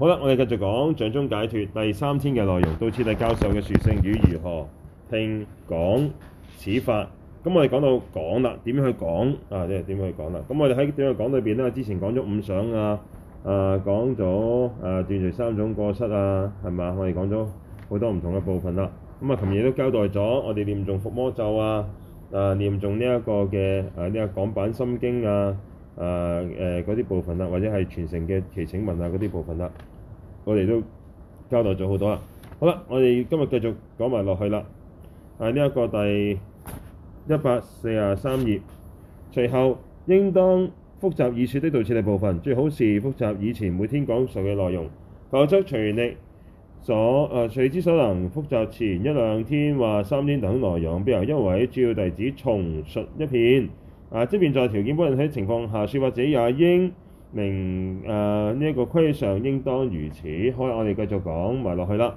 好啦，我哋繼續講掌中解脫第三天嘅內容，道次第教授嘅殊勝與如何聽講此法。咁我哋講到講啦，點樣去講啊？即係點樣去講啦？咁我哋喺點樣講裏邊咧？我之前講咗五想啊，誒講咗誒斷除三種過失啊，係嘛？我哋講咗好多唔同嘅部分啦。咁啊，琴日都交代咗，我哋念誦伏魔咒啊，誒念誦呢一個嘅誒呢個廣板心經啊。誒誒嗰啲部分啦、啊，或者係傳承嘅祈請文啊，嗰啲部分啦、啊，我哋都交代咗好多啦。好啦，我哋今日繼續講埋落去啦。係呢一個第一百四啊三頁，隨後應當複習已説的道次第部分，最好是複習以前每天講述嘅內容，否則隨力所誒、呃、隨之所能複習前一兩天或三天等內容，並由一位主要弟子重述一遍。啊！即便在條件不允許情況下，說法者也應明誒呢一個規上應當如此。好，我哋繼續講埋落去啦。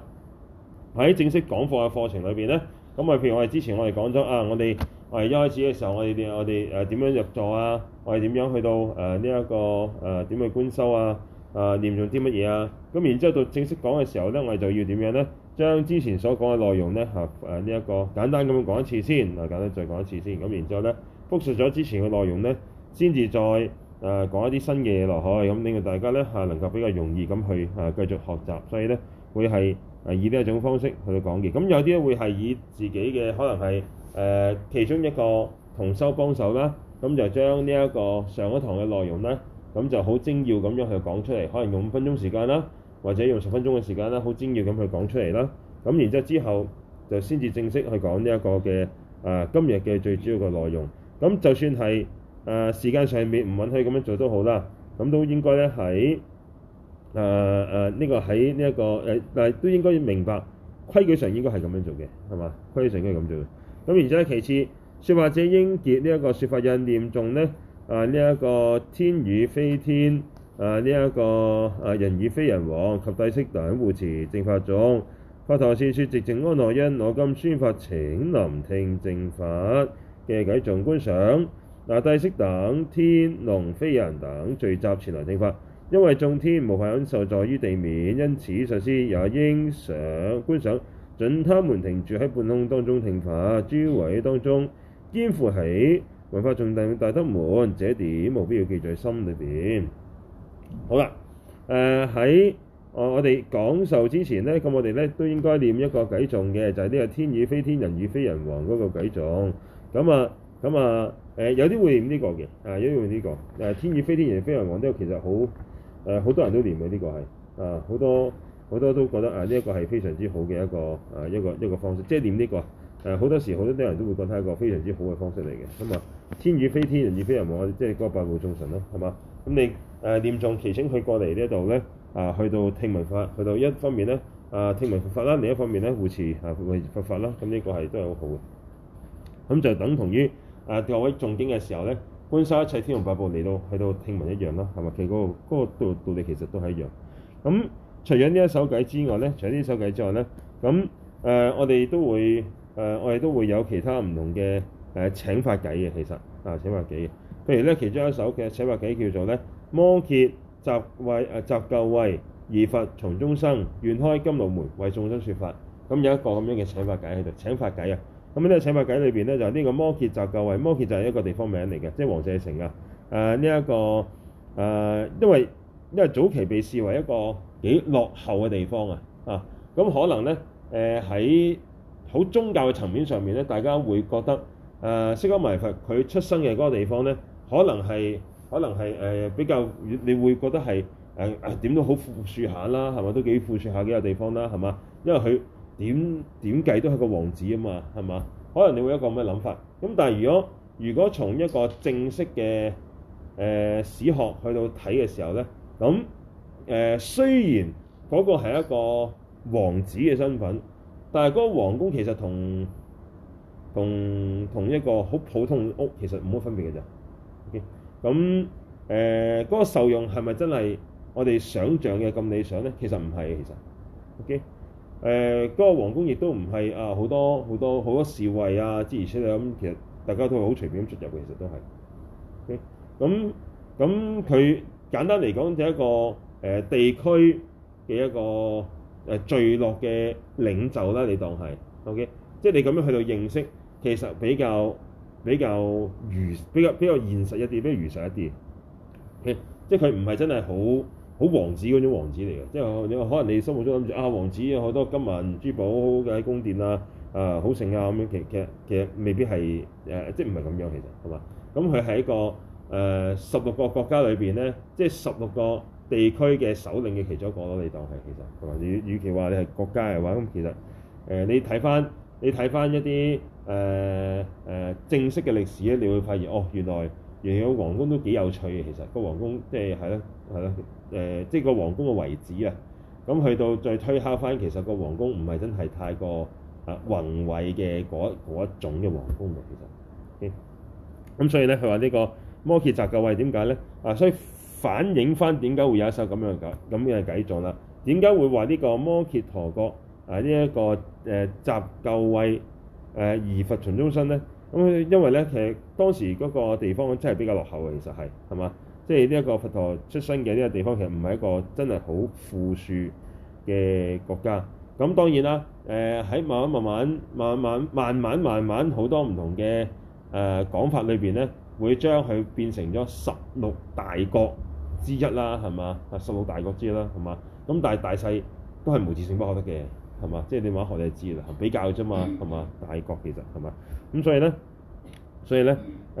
喺正式講課嘅課程裏面咧，咁、嗯、啊，譬如我哋之前我哋講咗啊，我哋我哋一開始嘅時候，我哋我哋誒點樣入座啊？我哋點樣去到誒呢一個點、呃、去觀修啊？呃、念用啲乜嘢啊？咁然之後到正式講嘅時候咧，我哋就要點樣咧？將之前所講嘅內容咧呢一、啊呃這個簡單咁講一次先，嚟簡單再講一次先。咁然之後咧。複述咗之前嘅內容咧，先至再誒、呃、講一啲新嘅嘢落去，咁令到大家咧係、啊、能夠比較容易咁去誒、啊、繼續學習。所以咧會係誒、啊、以呢一種方式去講嘅。咁有啲咧會係以自己嘅可能係誒、呃、其中一個同修幫手啦，咁就將呢一個上一堂嘅內容咧，咁就好精要咁樣去講出嚟，可能用五分鐘時間啦，或者用十分鐘嘅時間啦，好精要咁去講出嚟啦。咁然之後之後就先至正式去講呢一個嘅誒、呃、今日嘅最主要嘅內容。咁就算係、呃、時間上面唔允許咁樣做都好啦，咁都應該咧喺誒誒呢個喺呢一個、呃、但係都應該要明白規矩上應該係咁樣做嘅，係嘛？規矩上應該咁做嘅。咁然之後，其次，說法者應結呢一個説法印唸誦咧，啊呢一個天與非天，啊呢一個啊人與非人王及帝釋等護持正法種，佛陀是說直正安樂因，我今宣法請聆聽正法。嘅偈眾觀想，嗱、啊、帝釋等天龍非人等聚集前來聽法，因為眾天無法享受在於地面，因此上師也應想觀想，準他們停住喺半空當中聽法。諸位當中，肩負起宏法重擔大德們，這點務必要記在心裏邊。好啦、啊，誒、呃、喺、呃、我哋講授之前呢，咁我哋咧都應該念一個偈眾嘅，就係、是、呢個天與非天人與非人王嗰個偈眾。咁、嗯、啊，咁、嗯、啊，誒、嗯、有啲會念呢、這個嘅，啊，因為呢個誒、啊、天與非天人與非人王呢、這個其實好誒好、啊、多人都念嘅呢、這個係，啊好多好多都覺得啊呢一、這個係非常之好嘅一個誒、啊、一個一個方式，即、就、係、是、念呢、這個誒好、啊、多時好多啲人都會覺得係一個非常之好嘅方式嚟嘅。咁啊，天與非天人與非人王即係嗰八部眾神啦，係嘛？咁你誒念眾祈請佢過嚟呢度咧，啊，啊去到聽聞法，去到一方面咧啊聽聞佛法啦，另一方面咧護持啊佛法啦，咁、啊、呢個係都係好好嘅。咁就等同於誒各位誦經嘅時候咧，觀修一切天龍八部嚟到喺度聽聞一樣啦，係咪？其嗰個嗰個道道理其實都係一樣。咁除咗呢一首偈之外咧，除咗呢首偈之外咧，咁誒我哋都會誒我哋都會有其他唔同嘅誒請法偈嘅，其實啊請法偈嘅，譬如咧其中一首嘅請法偈叫做咧摩羯集慧誒集救慧，二佛從中生，願開金露門，為眾生說法。咁有一個咁樣嘅請法偈喺度，請法偈啊！咁、嗯、呢，個請法偈裏面咧，就呢、是、個摩羯就夠為摩羯就係一個地方名嚟嘅，即係王舍城啊。誒呢一個誒、呃，因為因為早期被視為一個幾落後嘅地方啊。啊，咁、嗯、可能咧喺好宗教嘅層面上面咧，大家會覺得誒釋迦牟尼佛佢出生嘅嗰個地方咧，可能係可能係、呃、比較你會覺得係點、呃、都好富庶下啦，係咪？都幾富庶下嘅地方啦，係嘛，因為佢。點點計都係個王子啊嘛，係嘛？可能你會有一個咁嘅諗法。咁但係如果如果從一個正式嘅、呃、史學去到睇嘅時候咧，咁、呃、雖然嗰個係一個王子嘅身份，但係嗰個王宮其實同同同一個好普通嘅屋其實冇乜分別嘅啫。OK，咁誒嗰個受用係咪真係我哋想象嘅咁理想咧？其實唔係，其實 OK。誒、呃、嗰、那個皇宮亦都唔係啊，好多好多好多侍衛啊，諸如此類咁，其實大家都係好隨便咁進入嘅，其實都係。O K，咁咁佢簡單嚟講，就一個誒、呃、地區嘅一個誒、呃、墜落嘅領袖啦，你當係。O、okay? K，即係你咁樣去到認識，其實比較比較如比較比較現實一啲，比較如實一啲。Okay? 即係佢唔係真係好好王子嗰種王子嚟嘅，即係你話可能你心目中諗住啊，王子好多金銀珠寶嘅喺宮殿啊啊、呃、好盛啊咁樣，其實其實其實未必係誒，即係唔係咁樣，其實係嘛？咁佢係一個誒十六個國家裏邊咧，即係十六個地區嘅首領嘅其中一個咯。你當係，其實係嘛？與與其話你係國家嘅話，咁其實誒、呃、你睇翻你睇翻一啲誒誒正式嘅歷史咧，你會發現哦，原來原來個王宮都幾有趣嘅。其實個王宮即係，係咯係咯。誒、呃，即係個皇宮嘅位置啊！咁去到再推敲翻，其實個皇宮唔係真係太過啊宏偉嘅嗰一種嘅皇宮嘅，其、okay? 實、嗯，咁所以咧，佢話呢個摩羯集舊位點解咧？啊，所以反映翻點解會有一首咁樣嘅咁樣嘅偈作啦？點解會話呢個摩羯陀國啊呢一、這個誒集、呃、舊位誒二佛存中心咧？咁、嗯、佢因為咧，其實當時嗰個地方真係比較落後嘅，其實係係嘛？即係呢一個佛陀出生嘅呢個地方，其實唔係一個真係好富庶嘅國家。咁當然啦，誒、呃、喺慢慢慢慢慢慢慢慢慢慢好多唔同嘅誒講法裏邊咧，會將佢變成咗十六大國之一啦，係嘛？係十六大國之一啦，係嘛？咁但係大細都係無自性不可得嘅，係嘛？即係你話學你知啦，比較啫嘛，係嘛？大國其實係嘛？咁所以咧。所以咧，誒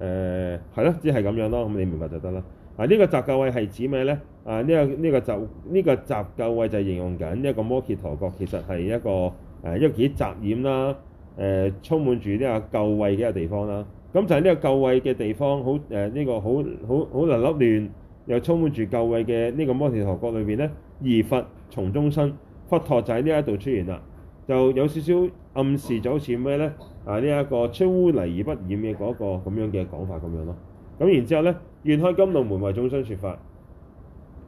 誒係咯，只係咁樣咯。咁你明白就得啦。啊，呢、這個雜垢位係指咩咧？啊，呢個呢個雜呢個雜垢位就形容用緊一個摩羯陀國，其實係一個誒，因為幾雜染啦，誒、呃，充滿住呢個垢位嘅地方啦。咁就係呢個垢位嘅地方，好誒，呢、呃這個好好好凌亂，又充滿住垢位嘅呢個摩羯陀國裏邊咧，而佛從中生，佛陀就喺呢一度出現啦，就有少少暗示咗好似咩咧？啊！呢一個出污泥而不染嘅嗰個咁樣嘅講法咁樣咯。咁然之後咧，願開金龍門為眾生説法。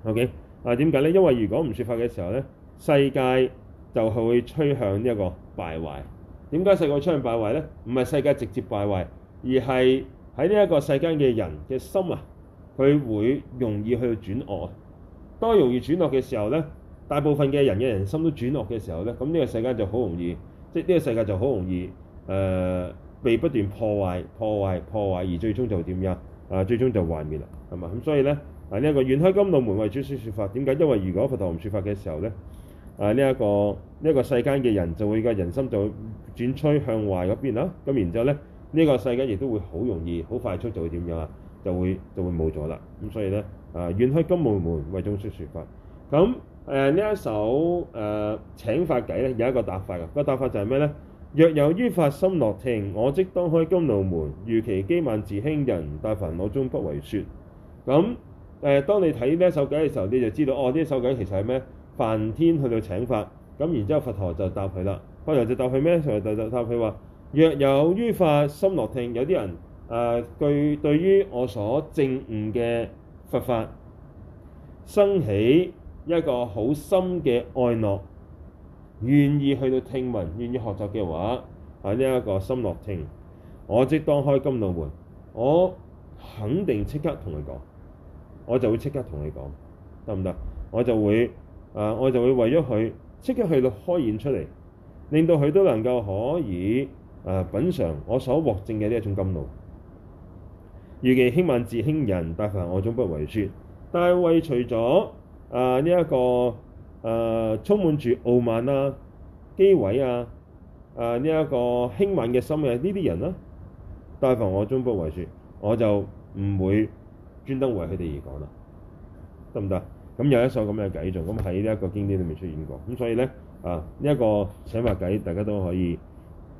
OK 啊？點解咧？因為如果唔説法嘅時候咧，世界就係會趨向呢一個敗壞。點解世界趨向敗壞咧？唔係世界直接敗壞，而係喺呢一個世界嘅人嘅心啊，佢會容易去轉惡。當容易轉惡嘅時候咧，大部分嘅人嘅人心都轉惡嘅時候咧，咁呢個世界就好容易，即係呢個世界就好容易。誒、呃、被不斷破壞、破壞、破壞，而最終就點樣？誒、呃、最終就幻滅啦，係嘛？咁所以咧，係呢一個願開甘露門為眾出説法。點解？因為如果佛陀唔説法嘅時候咧，誒呢一個呢一、這個世間嘅人就會嘅、這個、人心就會轉趨向壞嗰邊啦。咁然之後咧，呢、這個世間亦都會好容易、好快速就會點樣啊？就會就會冇咗啦。咁所以咧，誒願開甘露門為眾出説法。咁誒呢一首誒、呃、請法偈咧有一個答法嘅，個答法就係咩咧？若有於法心樂聽，我即當開甘露門；如其憍慢自輕人，但凡我中不為說。咁誒、呃，當你睇呢一首偈嘅時候，你就知道哦，呢首偈其實係咩？梵天去到請法，咁然之後佛陀就答佢啦。佛陀就答佢咩？就就答佢話：若有於法心樂聽，有啲人誒，對、呃、對於我所證悟嘅佛法，生起一個好深嘅愛樂。願意去到聽聞，願意學習嘅話，喺呢一個心樂聽，我即當開甘露門，我肯定即刻同佢講，我就會即刻同你講，得唔得？我就會啊，我就會為咗佢即刻去到開演出嚟，令到佢都能夠可以啊品嚐我所獲證嘅呢一種甘露。預期興萬自興人，但凡我總不為説，但係為除咗啊呢一個。誒、呃、充滿住傲慢啦、啊、機位啊、誒呢一個輕慢嘅心嘅呢啲人啦、啊，但凡我中不為説，我就唔會專登為佢哋而講啦，得唔得？咁有一首咁嘅偈仲咁喺呢一個經典裏面出現過。咁所以咧啊呢一，呃，這個請法偈，大家都可以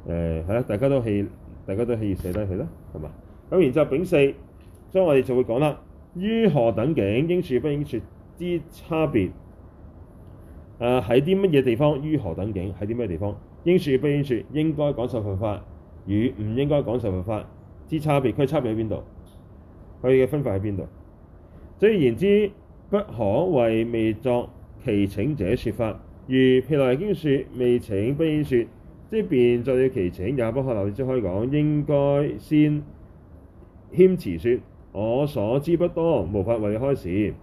誒係啦，大家都喜，大家都喜意寫低佢啦，係嘛？咁然之後丙四，所以我哋就會講啦，於何等境應説不應説之差別。誒喺啲乜嘢地方於何等境？喺啲咩地方應説不應説？應該講授佛法與唔應該講授佛法之差別，佢差別喺邊度？佢嘅分法喺邊度？所以言之，不可為未作其請者説法，如毘奈耶經説未請不應説。即便作做了其請，也不可立即以講。應該先謙辭説：我所知不多，無法為你開示。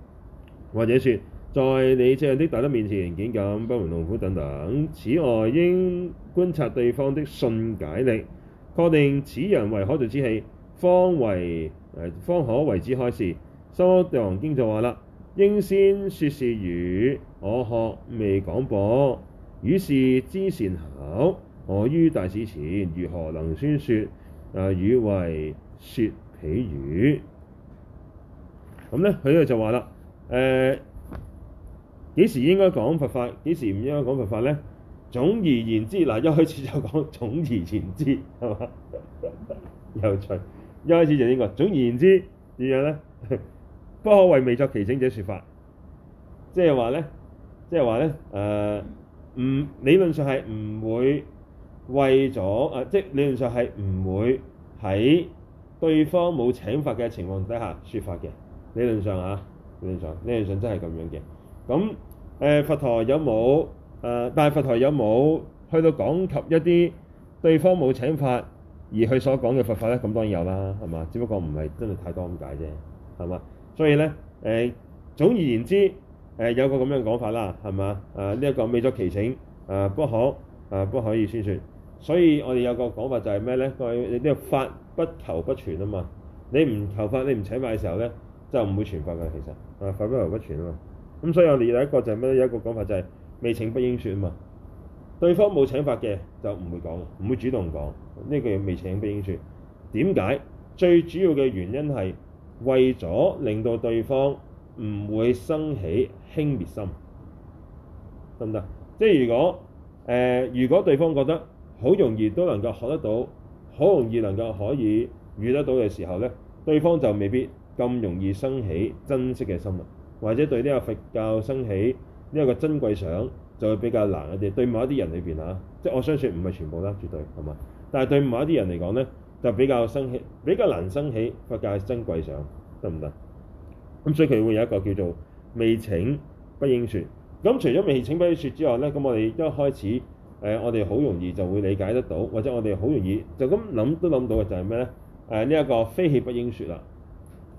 或者説。在你這樣的大德面前，豈敢班門弄斧等等。此外，應觀察對方的信解力，確定此人為可度之器，方為、呃、方可為之開示。《三摩地王經》就話啦：應先説是語，我學未廣博，汝是知善巧，我於大士前，如何能宣說？誒、呃、汝為説彼語。咁、嗯、呢，佢呢就話啦，誒、呃。幾時應該講佛法，幾時唔應該講佛法咧？總而言之，嗱，一開始就講總而言之係嘛？ 有趣，一開始就應該總而言之點樣咧？不可為未作其請者説法，即係話咧，即係話咧，誒、呃、唔理論上係唔會為咗誒，即、呃、係、就是、理論上係唔會喺對方冇請法嘅情況底下説法嘅。理論上啊，理論上，理論上真係咁樣嘅。咁、呃、佛陀有冇、呃、但佛陀有冇去到講及一啲對方冇請法，而去所講嘅佛法咧？咁當然有啦，係嘛？只不過唔係真係太多咁解啫，係嘛？所以咧誒、呃、總而言之、呃、有個咁樣講法啦，係嘛？呢、呃、一、這個未作祈請、呃、不可、呃、不可以宣傳。所以我哋有個講法就係咩咧？佢你呢個法不求不傳啊嘛！你唔求法，你唔請法嘅時候咧，就唔會傳法嘅。其實、啊、法不求不傳啊嘛！咁所以我哋第一個就係咩咧？有一個講法就係未請不應説啊嘛。對方冇請法嘅就唔會講，唔會主動講呢句未請不應説，點解？最主要嘅原因係為咗令到對方唔會生起輕蔑心，得唔得？即係如果誒、呃，如果對方覺得好容易都能夠學得到，好容易能夠可以遇得到嘅時候咧，對方就未必咁容易生起珍惜嘅心啦。或者對呢個佛教生起呢一個珍貴想，就會比較難一啲。對某一啲人裏邊嚇，即係我相信唔係全部啦，絕對係嘛。但係對某一啲人嚟講咧，就比較生起，比較難生起佛教嘅珍貴想，得唔得？咁所以佢會有一個叫做未請不應説。咁除咗未請不應説之外咧，咁我哋一開始誒，我哋好容易就會理解得到，或者我哋好容易就咁諗都諗到嘅就係咩咧？誒呢一個非器不應説啦，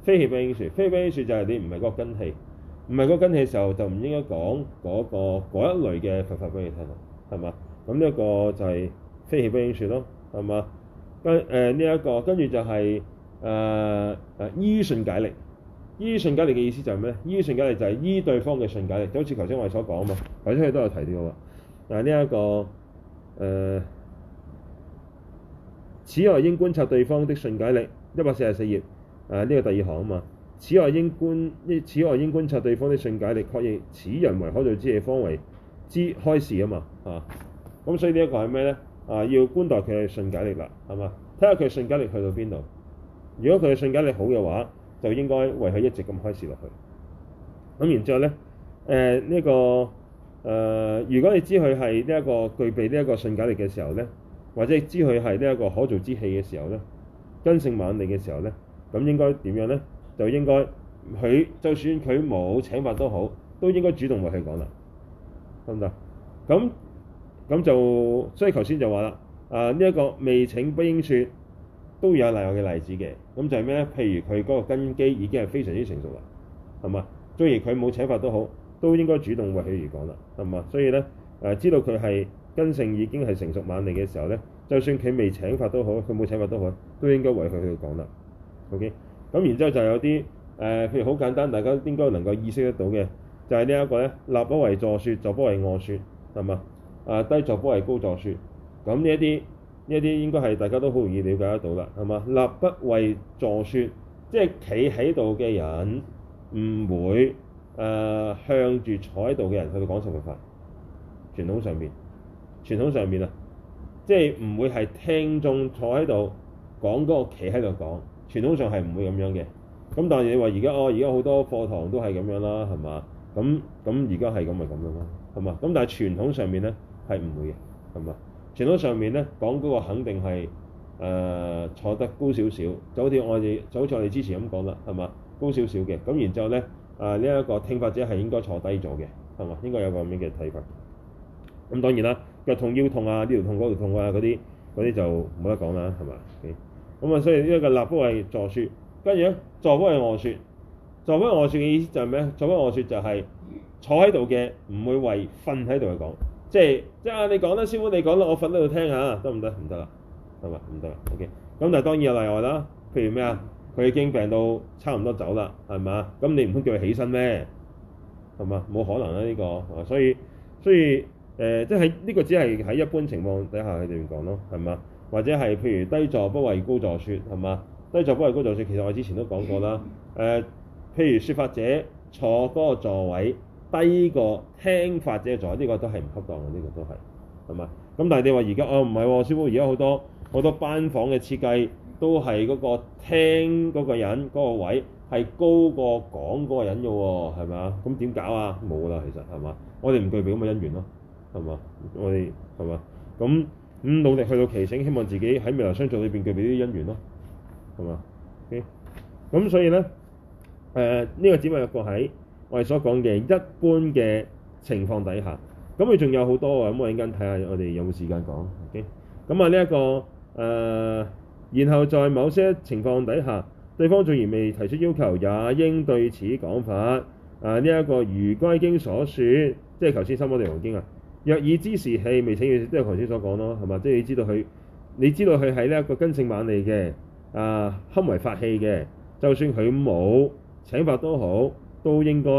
非器不應説，非不應説就係你唔係嗰個根器。唔係嗰個跟氣嘅時候，就唔應該講嗰、那個嗰一類嘅佛法俾你聽啦，係嘛？咁呢一個就係非氣不應説咯，係嘛？跟誒呢一個，跟住就係誒誒依信解力，依信解力嘅意思就係咩咧？依信解力就係依對方嘅信解力，就好似頭先我哋所講啊嘛，頭先佢都有提到喎。嗱，呢一個誒，此外應觀察對方的信解力，一百四十四頁誒呢、呃這個第二行啊嘛。此外應觀呢？此外應觀察對方的信解力，確認此人為可造之器，方為之開示，嘛啊嘛嚇。咁所以這個是什麼呢，一個係咩咧？啊，要觀待佢嘅信解力啦，係嘛？睇下佢嘅信解力去到邊度。如果佢嘅信解力好嘅話，就應該為佢一直咁開示落去。咁然之後咧，誒、呃、呢、這個誒、呃，如果你知佢係呢一個具備呢一個信解力嘅時候咧，或者知佢係呢一個可造之器嘅時候咧，根性猛利嘅時候咧，咁應該點樣咧？就應該佢就算佢冇請法都好，都應該主動為佢講啦，得唔得？咁咁就所以頭先就話啦，啊呢一個未請不應説都有例外嘅例子嘅。咁就係咩咧？譬如佢嗰個根基已經係非常之成熟啦，係嘛？雖然佢冇請法都好，都應該主動為佢而講啦，係嘛？所以咧，誒、啊、知道佢係根性已經係成熟猛利嘅時候咧，就算佢未請法都好，佢冇請法都好，都應該為佢去講啦。OK。咁然之後就有啲誒、呃，譬如好簡單，大家應該能夠意識得到嘅，就係、是、呢一個咧，立不為坐說，坐不為臥說。係嘛、啊？低座不為高座說，咁呢一啲呢一啲應該係大家都好容易了解得到啦，係嘛？立不為坐說，即係企喺度嘅人唔會、呃、向住坐喺度嘅人去講成句法，傳統上面，傳統上面啊，即係唔會係聽眾坐喺度講嗰個企喺度講。傳統上係唔會咁樣嘅，咁但係你話而家哦，而家好多課堂都係咁樣啦，係嘛？咁咁而家係咁咪咁樣咯，係嘛？咁但係傳統上面咧係唔會嘅，係嘛？傳統上面咧講嗰個肯定係誒、呃、坐得高少少，就好似我哋就好似我哋之前咁講啦，係嘛？高少少嘅，咁然之後咧誒呢一、呃呢個聽法者係應該坐低咗嘅，係嘛？應該有個咁樣嘅睇法。咁當然啦，腳痛腰痛啊，呢度痛嗰度痛啊，嗰啲嗰啲就冇得講啦，係嘛？咁、嗯、啊，所以呢一個立波係坐説，跟住咧坐波係臥説，坐波臥説嘅意思就係咩？坐波臥説就係、是、坐喺度嘅唔會為瞓喺度嘅講，即係即係啊！你講啦，師傅你講啦，我瞓喺度聽下，得唔得？唔得啦，係嘛？唔得啦，OK。咁但係當然有例外啦，譬如咩啊？佢已經病到差唔多走啦，係咪？咁你唔通叫佢起身咩？係嘛？冇可能啦呢、啊這個，所以所以誒、呃，即係呢、這個只係喺一般情況底下佢哋講咯，係嘛？或者係譬如低座不為高座説，係嘛？低座不為高座説，其實我之前都講過啦。誒、呃，譬如説法者坐嗰個座位低過聽法者嘅座位，呢、呢個都係唔恰當嘅，呢、呢個都係，係嘛？咁但係你話而家哦唔係、哦，師傅而家好多好多班房嘅設計都係嗰個聽嗰個人嗰個位係高過講嗰個人嘅喎，係咪啊？咁點搞啊？冇啦，其實，係嘛？我哋唔具備咁嘅因緣咯，係嘛？我哋，係嘛？咁。那咁努力去到奇醒，希望自己喺未來相續裏邊具備啲姻緣咯，係嘛？OK，咁所以咧，誒、呃、呢、呢個只係一個喺我哋所講嘅一般嘅情況底下，咁佢仲有好多啊！我陣間睇下我哋有冇時間講，OK，咁啊呢一個誒、呃，然後在某些情況底下，對方仍然未提出要求，也應對此講法。啊呢一個如《該經》所説，即係頭先《三摩地王經》啊。若已知時器未請佢，即係頭先所講咯，係嘛？即係你知道佢，你知道佢係呢一個根性猛利嘅，啊堪為法器嘅，就算佢冇請法都好，都應該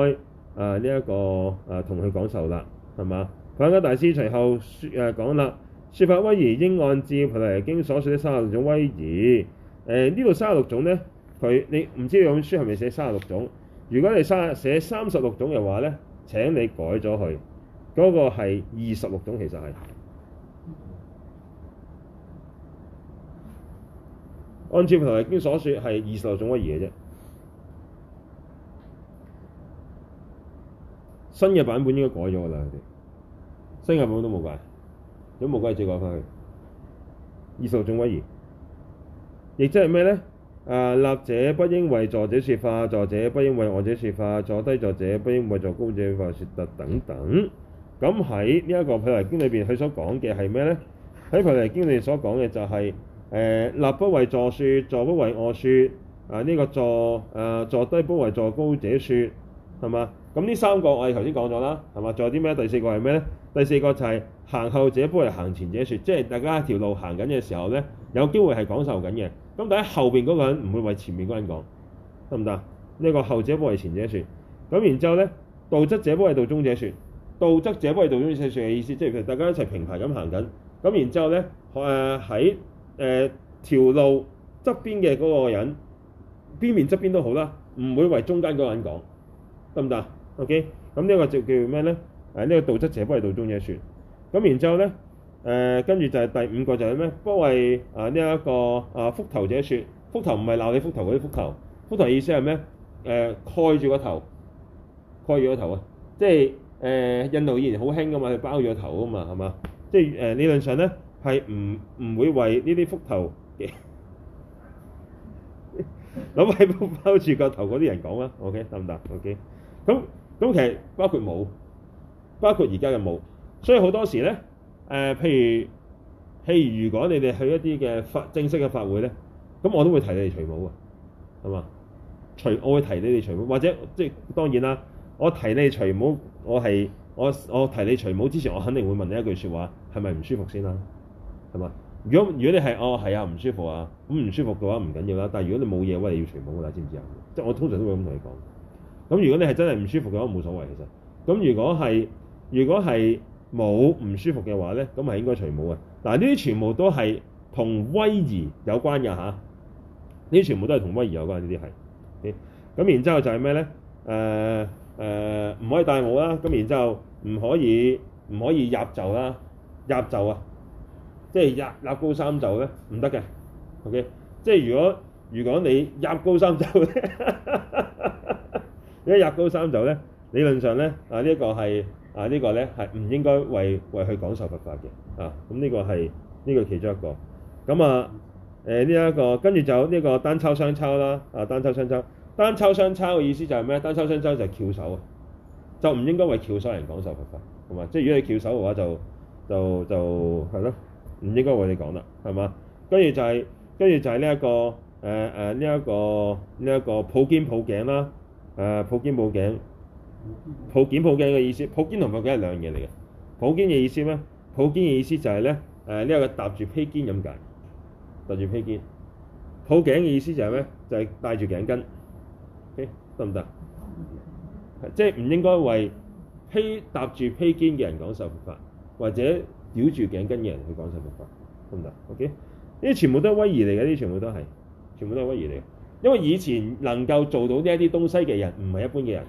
啊呢一個啊同佢講授啦，係嘛？帕繃喀大師隨後誒講啦，説法威儀應按照《毘奈耶經》所述嘅三十六種威儀。誒呢度三十六種咧，佢你唔知道有本書係咪寫三十六種？如果你三寫三十六種嘅話咧，請你改咗佢。嗰、那個係二十六種，其實係按照台經所說係二十六種威儀嘅啫。新嘅版本應該改咗噶啦，佢哋新嘅版本都冇改，咁冇改，係再改翻佢二十六種威儀，亦即係咩咧？啊，立者不應為坐者説法，坐者不應為臥者説法，坐低座者不應為坐高者説法等等。咁喺呢一個《毘奈耶經裡面、就是》裏、呃、邊，佢所講嘅係咩咧？喺《毘奈耶經》裏邊所講嘅就係誒立不為坐說，坐不為臥說啊！呢、這個坐啊坐低不為坐高者說係嘛？咁呢三個我哋頭先講咗啦，係嘛？仲有啲咩？第四個係咩咧？第四個就係、是、行後者不為行前者説，即係大家一條路行緊嘅時候咧，有機會係講授緊嘅。咁但係後邊嗰個人唔會為前面嗰人講，得唔得？呢、這個後者不為前者説。咁然之後咧，道側者不為道中者説。道則者不為道中者説嘅意思，即係其實大家一齊平排咁行緊，咁然之後咧，誒喺誒條路側邊嘅嗰個人邊面側邊都好啦，唔會為中間嗰個人講得唔得？OK，咁呢個就叫咩咧？誒、呃、呢、呢個道則者不為道中者説。咁然之後咧，誒跟住就係第五個就係咩？不為啊呢一個啊、呃、覆頭者説，覆頭唔係鬧你覆頭嗰啲覆頭，覆頭的意思係咩？誒、呃、蓋住個頭蓋住個頭啊！即係。誒、呃、印度以前好興噶嘛，佢包咗頭噶嘛，係嘛？即係誒、呃、理論上咧，係唔唔會為呢啲覆頭嘅，諗 係包住個頭嗰啲人講啦。OK，得唔得？OK，咁咁其實包括帽，包括而家嘅帽，所以好多時咧，誒、呃、譬如譬如如果你哋去一啲嘅法正式嘅法會咧，咁我都會提你哋除帽啊，係嘛？除我會提你哋除帽，或者即係當然啦。我提你除帽，我係我我提你除帽之前，我肯定會問你一句説話，係咪唔舒服先啦、啊？係嘛？如果如果你係哦係啊，唔舒服啊，咁唔舒服嘅話唔緊要啦。但係如果你冇嘢，喂，你要除帽噶啦，知唔知啊？即係我通常都會咁同你講。咁如果你係真係唔舒服嘅話，冇所謂其實。咁如果係如果係冇唔舒服嘅話咧，咁係應該除帽嘅。嗱，呢啲全部都係同威儀有關嘅嚇。呢啲全部都係同威儀有關的，呢啲係。咁然之後就係咩咧？誒、呃。誒、呃、唔可以戴帽啦，咁然之後唔可以唔可以入袖啦，入袖啊，即係入，入高三袖咧，唔得嘅。O.K.，即係如果如果你入高三袖咧， 你一入高三袖咧，理論上咧啊呢一個係啊呢、呢個咧係唔應該為為去講授佛法嘅啊。咁呢個係呢、呢個其中一個。咁啊呢一、呃呢個跟住就呢個單抽雙抽啦，啊單抽雙抽。單抽雙抽嘅意思就係咩？單抽雙抽就係翹手，啊，就唔應該為翹手人講授佛法，法，係嘛？即係如果你翹手嘅話就，就就就係咯，唔應該為你講啦，係嘛？跟住就係跟住就係呢一個誒誒呢一個呢一個抱肩抱頸啦、啊，誒、啊、抱肩抱頸抱肩抱頸嘅意思，抱肩同抱頸係兩樣嘢嚟嘅。抱肩嘅意思咩？抱肩嘅意思就係咧誒呢一個搭住披肩咁解，搭住披肩，抱頸嘅意思就係咩？就係、是、戴住頸巾。得唔得？即係唔應該為披搭住披肩嘅人講受法，或者吊住頸巾嘅人去講受法，得唔得？O.K. 呢啲全部都係威儀嚟嘅，呢啲全部都係全部都係威儀嚟嘅。因為以前能夠做到呢一啲東西嘅人，人，唔係一般嘅人，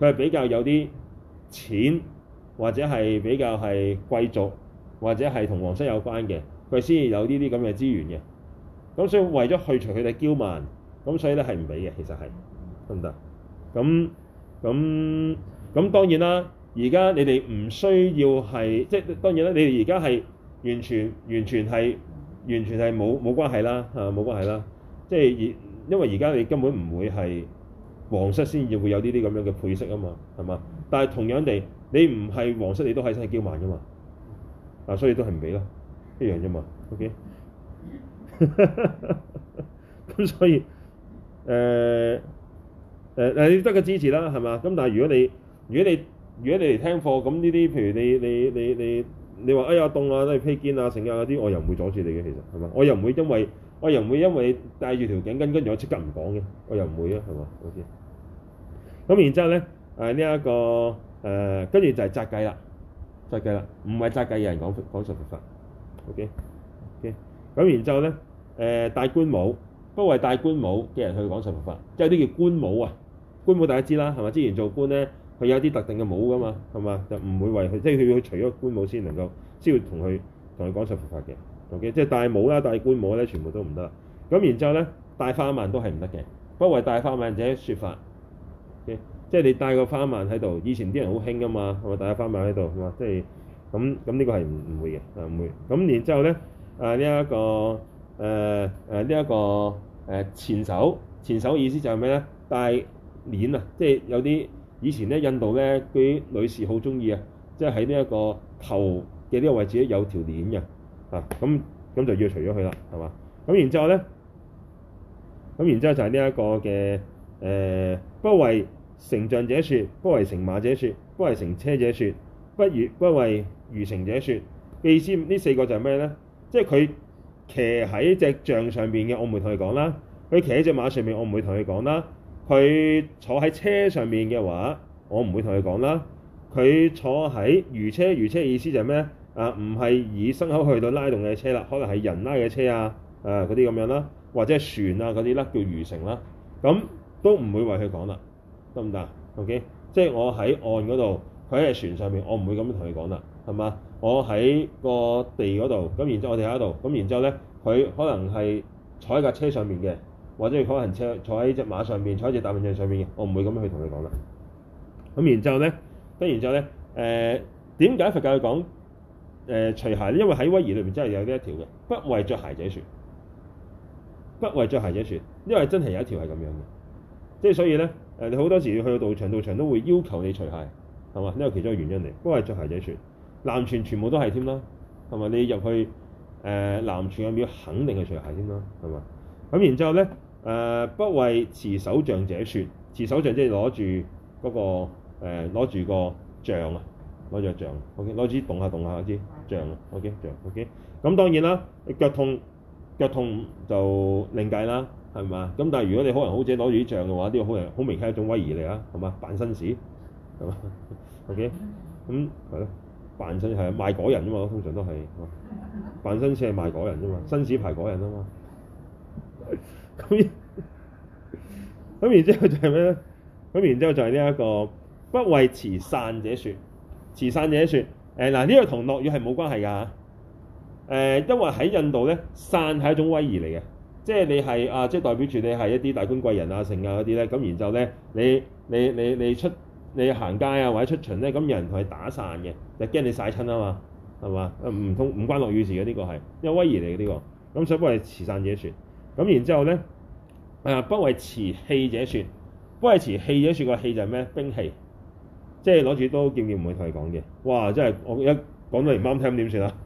佢係比較有啲錢，或者係比較係貴族，或者係同皇室有關嘅，佢先至有呢啲咁嘅資源嘅。咁所以為咗去除佢哋驕慢，咁所以咧係唔俾嘅。其實係。得唔得？咁咁咁當然啦。而家你哋唔需要係，即係當然啦。你哋而家係完全完全係完全係冇冇關係啦嚇，冇關係啦。即、啊、係而、就是、因為而家你根本唔會係黃色先至會有呢啲咁樣嘅配色啊嘛，係嘛？但係同樣地，你唔係黃色你都係可以叫慢噶嘛。嗱、啊，所以都係唔俾咯，一樣啫嘛。OK。 咁所以誒。 誒、呃、誒，你得個支持啦，係嘛？咁但係如果你如果你如果你嚟聽課，咁呢啲譬如你你你你你話哎呀凍啊，攞披肩啊，剩日嗰啲，我又唔會阻住你嘅，其實係嘛？我又唔會因為我又唔會因為戴住條頸巾跟住我即刻唔講嘅，我又唔會啊，係嘛？好似咁，然之後咧，誒呢一、呃呢個誒跟住就係扎計啦，扎計啦，唔係扎計嘅人講講述佛法。O.K. O.K. 咁然之後咧，誒戴官帽，不過係戴官帽嘅人去講述佛法，即係啲叫官帽啊。官帽大家知啦，係嘛？之前做官咧，佢有啲特定嘅帽噶嘛，係嘛？就唔會為佢，即係佢要除咗官帽先能夠，先會同佢同佢講述佛法嘅。O.K.，即係戴帽啦，戴官帽咧，全部都唔得。咁然之後咧，戴花鬘都係唔得嘅，不為戴花鬘者説法。O.K.，即係你戴個花鬘喺度，以前啲人好興噶嘛，係嘛？戴花鬘喺度，係嘛？即係咁咁呢個係唔唔會嘅，係唔會。咁然之後咧，誒呢一個誒誒呢一個誒前手，前手嘅意思就係咩咧？戴鏈啊，即係有啲以前咧，印度咧，啲女士好中意啊，即係喺呢一個頭嘅呢個位置有條鏈嘅，啊，咁咁就要除咗佢啦，係嘛？咁然之後咧，咁然之後就係呢一個嘅誒、呃，不為乘象者說，不為乘馬者說，不為乘車者說，不如不為如乘者說。祭司呢四個就係咩咧？即係佢騎喺隻象上邊嘅，我唔會同佢講啦；佢騎喺隻馬上面，我唔會同佢講啦。佢坐喺車上面嘅話，我唔會同佢講啦。佢坐喺漁車，漁車嘅意思就係咩啊，唔係以牲口去到拉動嘅車啦，可能係人拉嘅車啊，啊嗰啲咁樣啦，或者係船啊嗰啲啦，那些叫漁城啦，啊。咁都唔會為佢講啦，得唔得？OK，即係我喺岸嗰度，佢喺船上面，我唔會咁樣同佢講啦，係嘛？我喺個地嗰度，咁然之後我哋喺度，咁然之後咧，佢可能係坐喺架車上面嘅。或者要坐行車，坐喺呢隻馬上邊，坐喺隻大笨象上邊嘅，我唔會咁樣去同你講啦。咁然之後咧，咁然之後咧，誒點解佛教講誒除鞋咧？因為喺威儀裏邊真係有呢一條嘅，不為着鞋者說，不為着鞋者說，因為真係有一條係咁樣嘅。即係所以咧，誒你好多時去到道場，道場都會要求你除鞋，係嘛？呢個其中一個原因嚟，不為着鞋者說。南傳全部都係添啦，係咪？你入去誒南、呃、傳嘅廟肯定係除鞋添啦，係嘛？咁然之後咧。誒、呃、不為持手像者說，持手像即係攞住嗰個攞住，呃、個像啊，攞住個像，好嘅，攞支動下動下嗰支杖，好嘅，杖，OK，好嘅。咁當然啦，你腳痛腳痛就另計啦，係咪啊？咁但係如果你可能好者攞住啲像嘅話，啲好人好明顯係一種威儀嚟啊，係嘛？扮身士係嘛？好嘅，咁係咯，扮身係賣果人啫嘛，通常都係、哦、扮身士係賣果人啫嘛，身士排果人啊嘛。咁，咁然之後就係咩咧？咁然之後就係呢一個不為慈善者説，慈善者説，誒嗱呢個同落雨係冇關係㗎嚇。誒，因為喺印度咧，傘係一種威儀嚟嘅，即係你係啊，即係代表住你係一啲大官貴人啊、剩啊嗰啲咧。咁然之後咧，你你你你出你行街啊，或者出巡咧，咁有人同你打傘嘅，就驚你曬親啊嘛，係嘛？唔通唔關落雨事嘅呢個係，因為威儀嚟嘅呢個。咁所以不過係慈善者説。咁然之後咧，誒不為持器者説，不為持器者説個器就係咩？兵器，即係攞住刀劍，劍，唔會同你講嘅。哇！真係我一講到唔啱聽咁點算啊？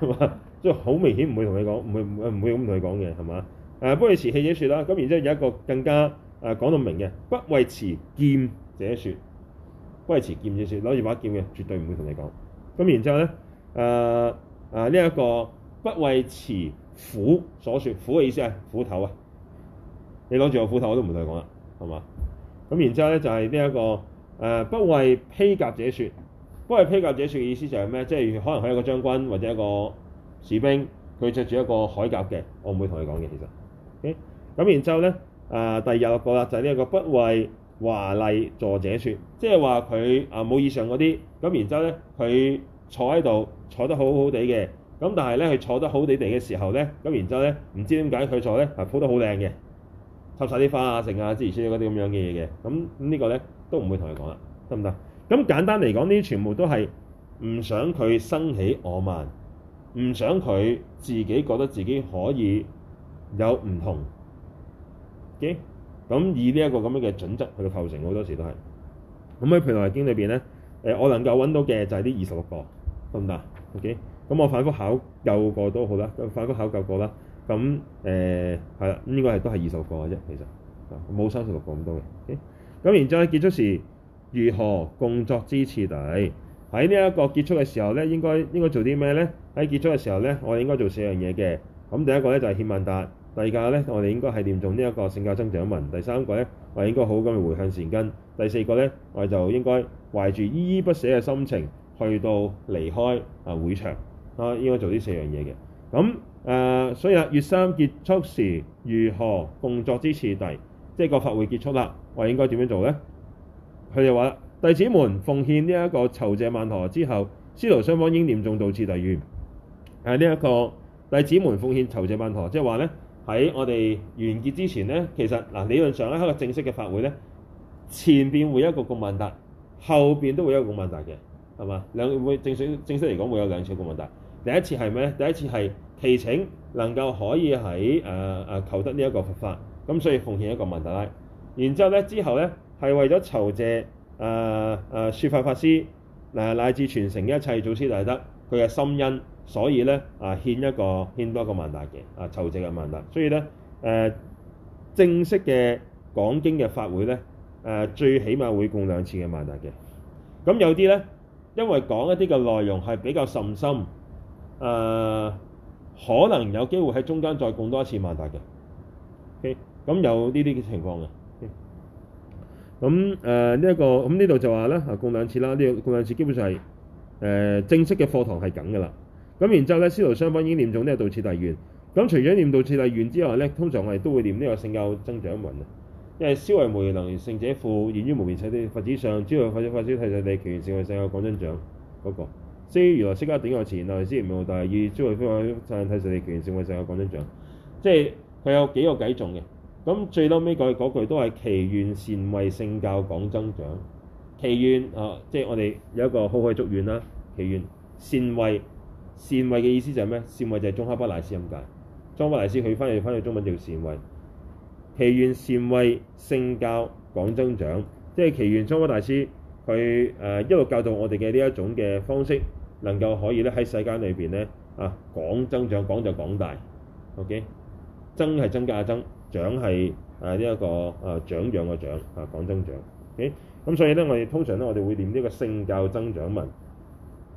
係嘛？即係好明顯唔會同你講，唔會唔會唔會咁同你講嘅係嘛？誒不為持器者説啦，咁然之後有一個更加誒講到明嘅，不為持劍者説，不為持劍者説攞住把劍嘅絕對唔會同你講。咁然之後咧，誒誒呢一個不為持。斧所説，斧嘅意思係斧頭啊！你攞住個斧頭，我都唔同你講啦，係嘛？咁然之後咧就係呢一個誒不為披甲者説，不為披甲者説嘅意思就係咩？即係可能佢一個將軍或者一個士兵，佢着住一個盔甲嘅，我唔會同你講嘅，其實。咁、okay? 然之後咧啊、呃，第二六個啦就係呢一個不為華麗坐者説，即係話佢啊冇以上嗰啲，咁然之後咧佢坐喺度，坐得好好地嘅。咁但係咧，佢坐得好地地嘅時候咧，咁然之後咧，唔知點解佢坐咧啊，鋪得好靚嘅，插晒啲花啊，剩啊之類諸多嗰啲咁樣嘅嘢嘅，咁呢個咧都唔會同佢講啦，得唔得？咁簡單嚟講，呢啲全部都係唔想佢生起我慢，唔想佢自己覺得自己可以有唔同嘅。咁以呢一個咁樣嘅準則去到構成好多時都係咁喺《菩提經》裏邊咧，誒，我能夠揾到嘅就係呢二十六個，得唔得？O.K. 咁我反覆考究過都好啦，反覆考究過啦。咁誒係啦，應該係都係二十個嘅啫，其實啊冇三十六個咁多嘅。咁、OK? 然之後喺結束時如何共作之次第？喺呢一個結束嘅時候咧，應該應該做啲咩咧？喺結束嘅時候咧，我哋應該做四樣嘢嘅。咁第一個咧就係獻曼達，第二個咧我哋應該係念誦呢一個聖教增長文。第三個咧我哋應該好咁回向善根。第四個咧我哋就應該懷住依依不捨嘅心情去到離開啊會場。啊，應該做呢四樣嘢嘅。咁、呃、所以啊，乙三結束時如何共作之次第，即係個法會結束啦，我應該點樣做咧？佢哋話弟子們奉獻呢一個酬謝曼陀之後，師徒雙方應唸誦道次第願。誒、啊，呢、這、一個弟子們奉獻酬謝曼陀，即係話咧，喺我哋完結之前咧，其實嗱理論上咧，喺個正式嘅法會咧，前邊會有一個供曼達，後面都會有一個供曼達嘅，係嘛？兩會正式正式嚟講會有兩次供曼達。第一次係咩咧？第一次係祈請能夠可以喺誒誒求得呢一個佛法，咁所以奉獻一個曼達拉。然之後咧，之後咧係為咗酬謝誒誒説法法師，嗱乃至傳承一切祖師大德佢嘅心恩，所以咧啊獻一個獻多一個曼達嘅，啊酬謝嘅曼達。所以咧誒、呃、正式嘅講經嘅法會咧誒、呃、最起碼會供兩次嘅曼達嘅。咁有啲咧，因為講一啲嘅內容係比較甚深。誒、呃、可能有機會喺中間再供多一次曼達嘅，咁有呢啲情況嘅。咁、okay. 誒、呃這個、呢一個咁呢度就話咧，啊供兩次啦，呢、這個供兩次基本上係誒、呃、正式嘅課堂係咁嘅啦。咁然之後咧，師徒雙方已經念誦呢道次第願。咁除咗念道次第願之外咧，通常我哋都會念呢個聖教增長文嘅，因為思維無形能源，聖者富現於無邊世界佛子上諸佛發起法師提授地權，聖為聖教廣增長嗰、那個。即係原來識得典個前原來之前冇，最最性啊、好大意，諸位講喺讚歎善慧，祈願善慧，聖教講增長，即係佢有幾個計中嘅。咁最嬲尾講嗰句都係祈願善慧，聖教講增長。祈願啊，即係我哋有一個好開祝願啦。祈願善慧，善慧嘅意思就係咩？善慧就係宗喀巴大師咁解，宗喀巴大師佢翻譯翻去中文叫善慧。祈願善慧，聖教講增長，即係祈願宗喀巴大師佢誒一路教導我哋嘅呢一種嘅方式。能夠可以咧喺世間裏邊咧啊，廣增長，廣就廣大，OK，增係增加嘅增，長係誒呢一個誒長養嘅長啊，廣增長，OK，咁所以咧我哋通常咧我哋會念呢一個聖教增長文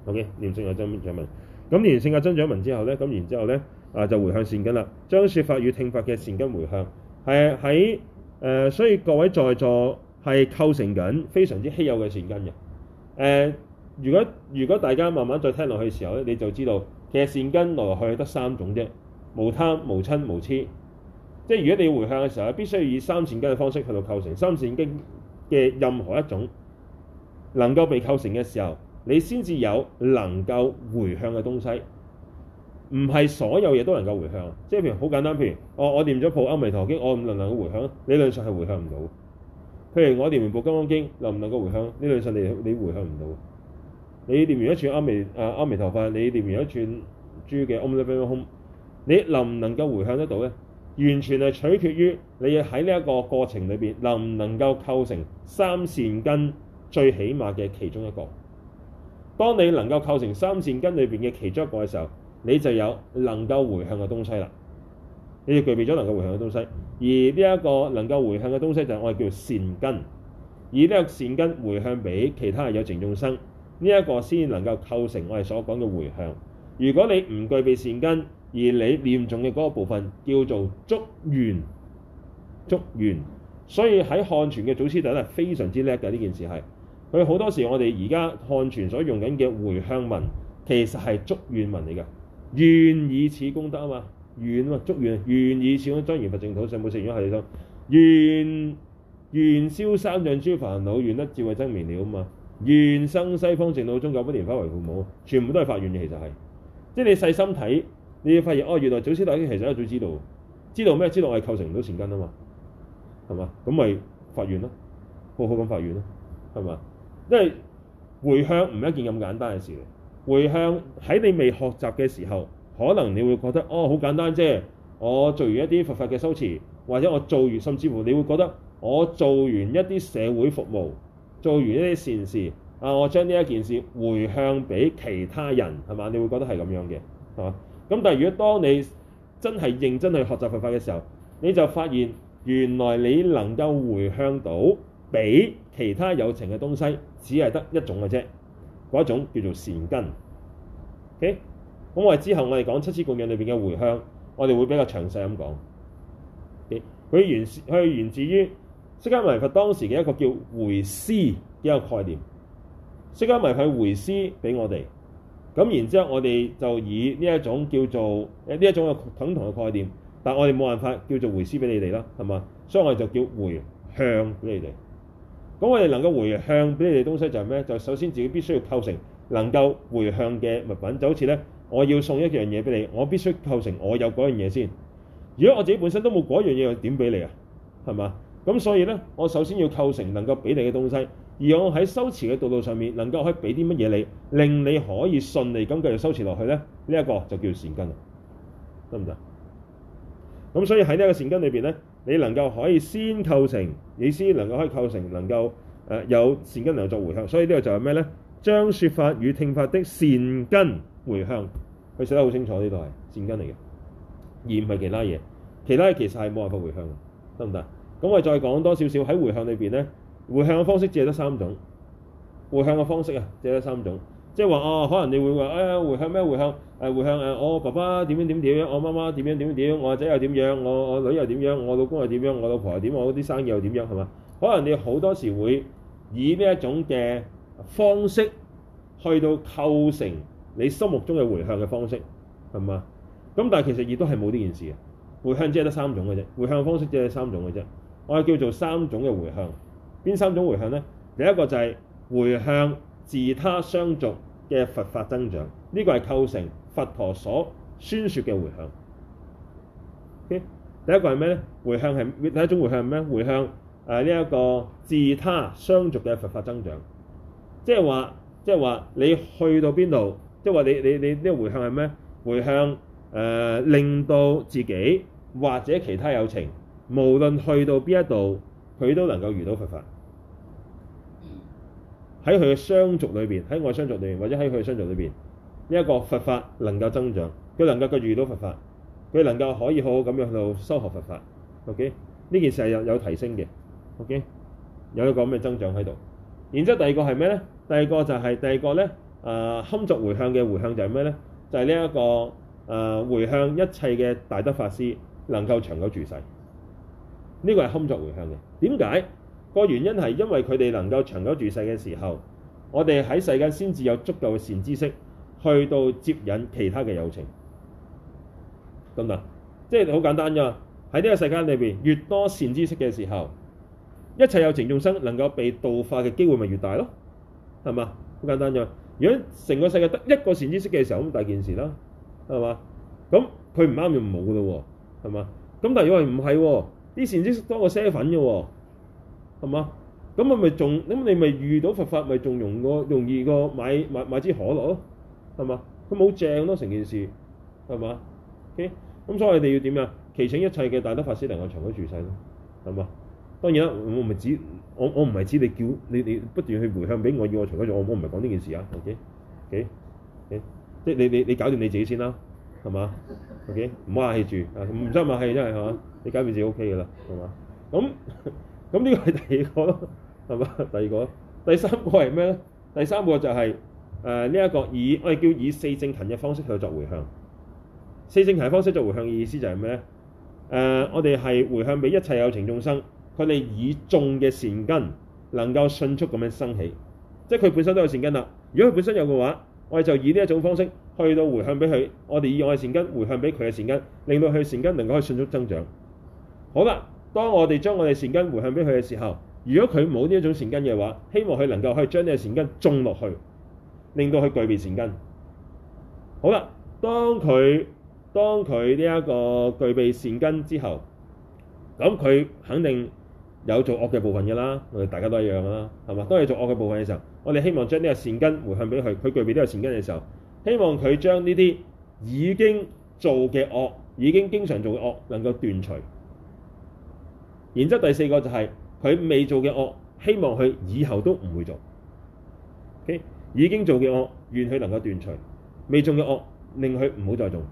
，OK，念聖教增長文，咁念完聖教增長文之後咧，咁然之後咧啊就回向善根啦，將説法與聽法嘅善根回向，係喺誒，所以各位在座係構成緊非常之稀有嘅善根嘅，誒、呃。如果如果大家慢慢再聽落去嘅時候咧，你就知道其實善根來來去去得三種啫，無貪、無瞋、無痴。即係如果你回向嘅時候，必須要以三善根嘅方式去到構成三善根嘅任何一種能夠被構成嘅時候，你先至有能夠回向嘅東西。唔係所有嘢都能夠回向，即係譬如好簡單，譬如我我念咗部《普歐彌陀經》，我唔能能夠回向，理論上係回向唔到。譬如我念完部《金剛經》，能唔能夠回向？理論上你你回向唔到。你唸完一串阿彌、啊、阿阿彌陀佛，你唸完一串珠嘅 Om Namah Shivaya，你能唔能夠回向得到咧？完全係取決於你喺呢一個過程裏邊能唔能夠構成三善根最起碼嘅其中一個。當你能夠構成三善根裏邊嘅其中一個嘅時候，你就有能夠回向嘅東西啦。你就具備咗能夠回向嘅東西，而呢一個能夠回向嘅東西就係我哋叫善根。而呢個善根回向俾其他人有情眾生。呢、這、一個先能夠構成我哋所講嘅回向。如果你唔具備善根，而你念重嘅嗰個部分叫做祝願、祝願，所以喺漢傳嘅祖師大德非常之叻嘅呢件事係。佢好多時候我哋而家漢傳所用緊嘅回向文，其實係祝願文嚟㗎。願以此功德啊嘛，願啊，祝願願以此莊嚴佛淨土習習習習習習上冇死咗下你心。願消三障諸煩惱，願得智慧真明了啊嘛。願生西方淨土中，九品蓮花為父母，全部都係發願嘅。其實係，即係你細心睇，你會發現哦，原來祖師大師其實一早知道，知道咩？知道我係構成唔到善根啊嘛，係嘛？咁咪發願咯，好好咁發願咯，係嘛？因為回向唔係一件咁簡單嘅事。回向喺你未學習嘅時候，可能你會覺得哦，好簡單啫，我做完一啲佛法嘅修持，或者我做完，甚至乎你會覺得我做完一啲社會服務。做完呢啲善事，啊，我將呢一件事回向俾其他人，係嘛？你會覺得係咁樣嘅，係嘛？咁但係如果當你真係認真去學習佛法嘅時候，你就發現原來你能夠回向到俾其他有情嘅東西，只係得一種嘅啫，嗰一種叫做善根。咁、okay? 我哋之後我哋講七支供養裏邊嘅回向，我哋會比較詳細咁講。佢、okay? 源佢源自於。釋迦牟尼佛當時嘅一個叫回師嘅一個概念，釋迦牟尼佛回師俾我哋，咁然之後我哋就以呢一種叫做呢一種嘅等同嘅概念，但係我哋冇辦法叫做回師俾你哋啦，係嘛？所以我哋就叫回向俾你哋。咁我哋能夠回向俾你哋嘅東西就係咩？就係首先自己必須要構成能夠回向嘅物品，就好似咧，我要送一樣嘢俾你，我必須構成我有嗰樣嘢先。如果我自己本身都冇嗰樣嘢，我點俾你啊？係嘛？咁所以咧，我首先要構成能夠俾你嘅東西，而我喺修持嘅道路上面，能夠可以俾啲乜嘢你東西，令你可以順利咁繼續修持落去咧，呢、這、一個就叫善根啦，得唔得？咁所以喺呢個善根裏邊咧，你能夠可以先構成，你先能夠可以構成，能夠誒、呃、有善根能夠做回向，所以這是什麼，呢個就係咩咧？將說法與聽法的善根回向，佢寫得好清楚，呢度係善根嚟嘅，而唔係其他嘢，其他嘢其實係冇辦法回向，得唔得？咁我再講多少少喺回向裏邊咧，回向嘅方式只係得三種，回向嘅方式啊，只係得三種，即係話啊，可能你會話，哎呀，回向咩？回向誒，回向誒，我爸爸點樣點點樣，我媽媽點樣點點點，我仔又點樣，我我女又點樣，我老公又點樣，我老婆又點，我啲生意又點樣，係嘛？可能你好多時會以呢一種嘅方式去到構成你心目中嘅回向嘅方式，係嘛？咁但係其實亦都係冇呢件事嘅，回向只係得三種嘅啫，回向方式只係三種嘅啫。我哋叫做三種嘅回向，邊三種回向咧？第一個就係回向自他相續嘅佛法增長，呢個係構成佛陀所宣説嘅回向,、okay? 第迴向。第一是什麼、呃這個係咩咧？回向係第一種回向係咩？回向誒呢一個自他相續嘅佛法增長，即係話即係話你去到邊度，即係話你你你呢個回向係咩？回向誒、呃、令到自己或者其他有情。無論去到邊一度，佢都能夠遇到佛法喺佢嘅雙族裏邊，喺外雙族裏邊，或者喺佢嘅雙族裏邊，呢、這、一個佛法能夠增長，佢能夠夠遇到佛法，佢能夠可以好好咁樣去到修學佛法。OK，呢件事係有有提升嘅。OK，有一個咁嘅增長喺度。然之後第二個係咩咧？第二個就係、是、第二個咧。誒、呃，堪族回向嘅回向就係咩咧？就係呢一個誒回、呃、向一切嘅大德法師能夠長久住世。呢個係堪作迴向嘅。點解？個原因係因為佢哋能夠長久住世嘅時候，我哋喺世界先至有足夠嘅善知識，去到接引其他嘅友情，得唔得？即係好簡單啫。喺呢個世界裏邊，越多善知識嘅時候，一切有情眾生能夠被度化嘅機會咪越大咯？係嘛，好簡單啫。如果成個世界得一個善知識嘅時候，咁大件事啦，係嘛？咁佢唔啱就冇噶啦，喎係嘛？咁但係如果唔係喎？啲善知識多過捨粉嘅喎，係嘛？咁我咪仲，咁你咪遇到佛法咪仲容過容易過買買買支可樂咯，係嘛？咁好正咯成件事，係嘛？O K，咁所以你哋要點呀？祈請一切嘅大德法師能夠長久住世咯，係嘛？當然啦，我唔係指我，我唔係指你叫你你不斷去回向俾我要我長久住，我，我唔係講呢件事啊。O K，O K，你你你你搞掂你自己先啦。係嘛？OK，唔好客氣住，唔唔使客氣，真係嚇，你解決自己 OK 嘅啦，係嘛？咁咁呢個係第二個咯，係嘛？第二個，第三個係咩咧？第三個就係誒呢一個以我哋叫以四正勤嘅方式去作回向。四正勤嘅方式作回向嘅意思就係咩咧？誒、呃，我哋係回向俾一切有情眾生，佢哋以種嘅善根能夠迅速咁樣生起，即係佢本身都有善根啦。如果佢本身有嘅話，我哋就以呢一種方式去到回向俾佢，我哋以我嘅善根回向俾佢嘅善根，令到佢善根能夠去迅速增長。好啦，當我哋將我哋善根回向俾佢嘅時候，如果佢冇呢一種善根嘅話，希望佢能夠去將呢個善根種落去，令到佢具備善根。好啦，當佢當佢呢一個具備善根之後，咁佢肯定有做惡嘅部分嘅啦，我哋大家都一樣啦，係嘛？都係做惡嘅部分嘅時候，我哋希望將呢個善根回向俾佢。佢具備呢個善根嘅時候，希望佢將呢啲已經做嘅惡，已經經常做嘅惡能夠斷除。然之後第四個就係、是、佢未做嘅惡，希望佢以後都唔會做。O、okay? K，已經做嘅惡願佢能夠斷除，未做嘅惡令佢唔好再做，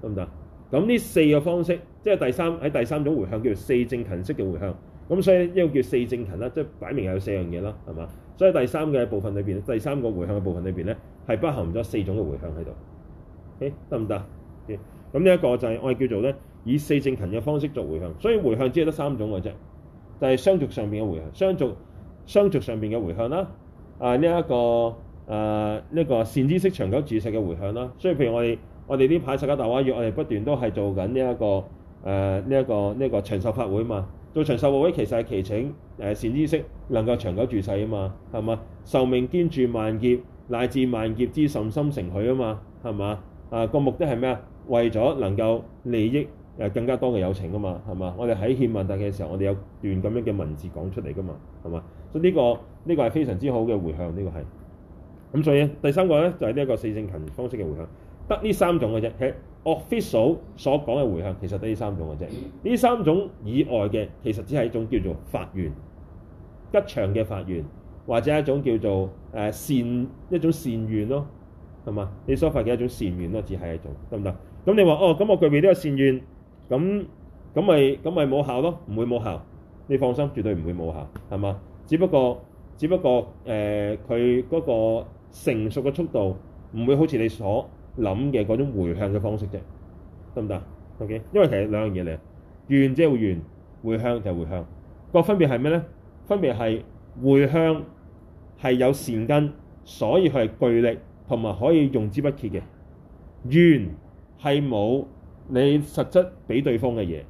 得唔得？咁呢四個方式，即係第三喺第三種回向叫做四正勤式嘅回向。咁所以呢一個叫四正勤啦，即係擺明係有四樣嘢啦，係嘛？所以第三嘅部分裏邊，第三個回向嘅部分裏邊咧，係包含咗四種嘅回向喺度，誒得唔得？咁呢一個就係我哋叫做咧以四正勤嘅方式做回向，所以回向只係得三種嘅啫。就係雙族上邊嘅回向，雙族，雙族上邊嘅回向啦。啊呢一個，啊呢一個善知識長久住世嘅回向啦。所以譬如我哋，我哋呢排十家大話月，我哋不斷都係做緊呢一個，誒呢一個，呢一個長壽法會嘛。做長壽護尾其實係祈請誒善知識能夠長久住世啊嘛，係嘛？壽命堅住萬劫，乃至萬劫之甚心誠許啊嘛，係嘛？啊個目的係咩啊？為咗能夠利益誒更加多嘅有情啊嘛，係嘛？我哋喺獻曼達嘅時候，我哋有段咁樣嘅文字講出嚟噶嘛，係嘛？所以呢個呢個係非常之好嘅回向，呢、呢個係咁。所以第三個咧就係呢一個四正勤方式嘅回向，得呢三種嘅啫。Official 所講嘅回向其實得呢三種嘅啫，呢三種以外嘅其實只係一種叫做發願吉祥嘅發願，或者一種叫做誒、呃、善一種善願咯，係嘛？你所發嘅一種善願咯，只係一種得唔得？咁你話哦，咁我具備呢個善願，咁咁咪咁咪冇效咯？唔會冇效，你放心，絕對唔會冇效，係嘛？只不過只不過誒，佢、呃、嗰個成熟嘅速度唔會好似你所。諗嘅嗰種回向嘅方式啫，得唔得？OK，因為其實兩樣嘢嚟啊，願即係願，回向就係回向。個分別係咩咧？分別係回向係有善根，所以佢係具力同埋可以用之不竭嘅。願係冇你實質俾對方嘅嘢。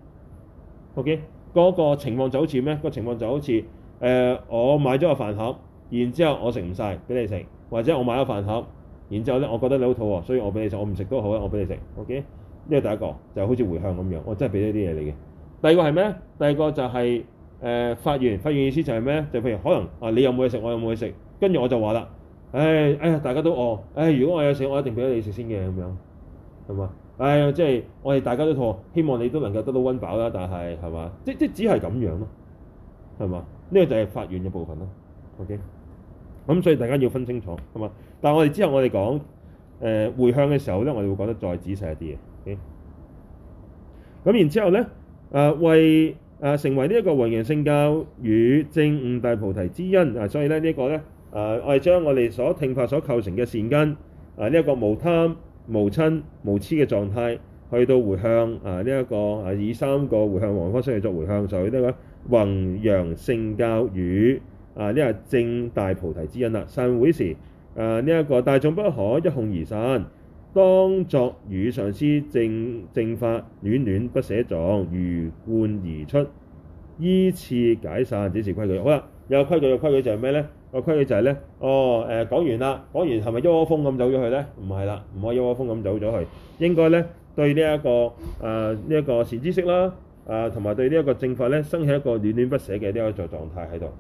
OK，嗰個情況就好似咩？個情況就好似誒、呃，我買咗個飯盒，然之後我食唔晒俾你食，或者我買咗飯盒。然之後咧，我覺得你好肚餓，所以我俾你食。我唔食都好啊，我俾你食。OK，呢個第一個就係、好似回向咁樣，我真係俾咗啲嘢你嘅。第二個係咩咧？第二個就係誒發願，發、呃、願意思就係咩咧？就譬如可能啊，你有冇嘢食，我有冇嘢食，跟住我就話啦，唉唉呀，大家都餓，唉、哎，如果我有食，我一定俾咗你食先嘅，咁樣係嘛？唉呀、哎，即係我哋大家都餓，希望你都能夠得到溫飽啦。但係係嘛？即即只係咁樣咯，係嘛？呢、呢個就係發願嘅部分咯。OK。咁、嗯、所以大家要分清楚，好嘛？但係我哋之後我哋講誒、呃、回向嘅時候咧，我哋會講得再仔細一啲嘅。咁、OK? 然之後咧，誒、呃、為誒、呃、成為呢一個宏揚聖教與證悟大菩提之因啊，所以咧呢一、這個咧誒、啊、我哋將我哋所聽法所構成嘅善根啊，呢、這、一個無貪無瞋無痴嘅狀態，去到回向啊呢一、這個啊以三個回向王方相去作回向水，呢一、這個宏揚聖教與。啊！呢個證大菩提之因啦。散會時，啊呢一、這個大眾不可一哄而散，當作與上師正正法戀戀不捨狀，魚貫而出，依次解散。這是規矩。好啦，有個規矩嘅規矩就係咩咧？有個規矩就係咧、就是，哦誒講完啦，講完係咪一窩蜂咁走咗去咧？唔係啦，唔可以一窩蜂咁走咗去。應該咧對呢、這、一個誒呢一個善知識啦，啊同埋對呢一個正法咧生起一個戀戀不捨嘅呢一個狀狀態喺度。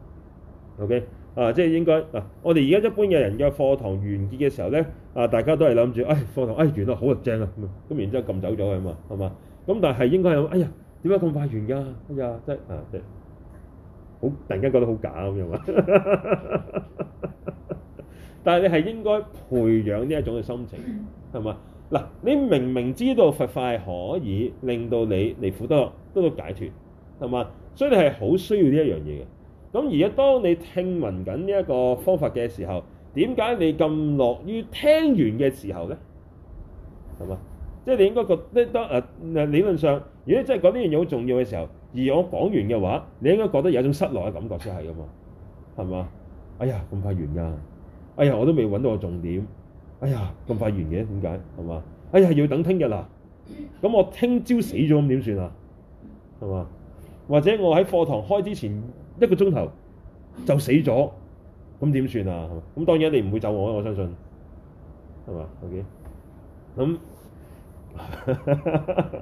O.K. 啊，即係應該嗱、啊，我哋而家一般嘅人嘅課堂完結嘅時候咧，啊，大家都係諗住，唉、哎，課堂唉、哎、完啦，好正啊，咁，咁然之後撳走咗佢啊嘛，係嘛？咁但係應該係，哎呀，點解咁快完㗎、啊？哎呀，真啊，好突然間覺得好假咁樣啊！ 但係你係應該培養呢一種嘅心情，係嘛？嗱、啊，你明明知道佛法可以令到你離苦得都到解脫，係嘛？所以你係好需要呢一樣嘢嘅。咁而家，當你聽聞緊呢一個方法嘅時候，點解你咁樂於聽完嘅時候咧？係嘛？即係你應該覺得當誒、啊啊、理論上，如果你真係講呢樣嘢好重要嘅時候，而我講完嘅話，你應該覺得有一種失落嘅感覺先係噶嘛？係嘛？哎呀，咁快完㗎！哎呀，我都未揾到個重點。哎呀，咁快完嘅點解？係嘛？哎呀，要等聽日啦。咁我聽朝死咗咁點算啊？係嘛？或者我喺課堂開之前，一個鐘頭就死咗，咁點算啊？咁當然你唔會咒我啦，我相信係嘛？OK，咁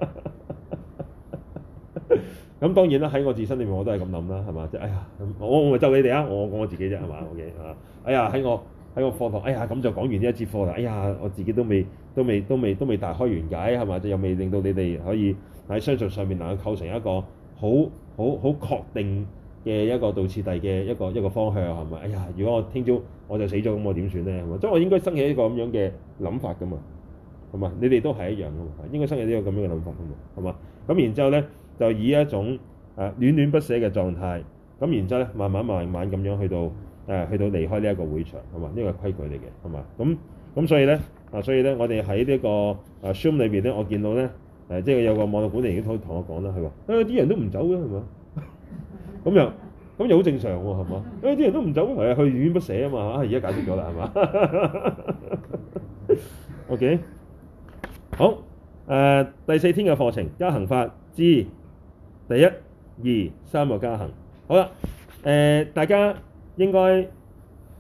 咁 當然啦。喺我自身裡面，我都係咁諗啦，係嘛？即係哎呀，我我咪咒你哋啊，我講我自己啫，係嘛？OK 啊，哎呀，喺我喺我，、啊我，我，okay? 哎、我，我課堂，哎呀，咁就講完呢一節課啦。哎呀，我自己都未都未都未都未，都未大開完解係嘛？即又未令到你哋可以喺商場上面能夠構成一個好好好確定。嘅一個導師地嘅一個一個方向係咪？哎呀，如果我聽朝我就死咗，咁我點算咧？係嘛？即係我應該生起一個咁樣嘅諗法噶嘛？係嘛？你哋都係一樣噶嘛？應該生起一個呢個咁樣嘅諗法噶嘛？係嘛？咁然之後咧就以一種誒戀戀不捨嘅狀態，咁然之後咧慢慢慢慢咁樣去到誒、啊、去到離開呢一個會場，係嘛？呢個係規矩嚟嘅，係嘛？咁咁所以咧啊，所以咧我哋喺呢個啊 Zoom 裏面咧，我見到咧誒，即係有個網絡管理已經同我講啦，佢話誒，啲人都唔走嘅，係嘛？咁又咁又好正常喎、啊，係因為誒啲人都唔走埋去戀戀不捨啊嘛，而家解決咗啦，係嘛 ？OK，好誒、呃，第四天嘅課程，加行法之第一二三個加行，好啦，誒、呃、大家應該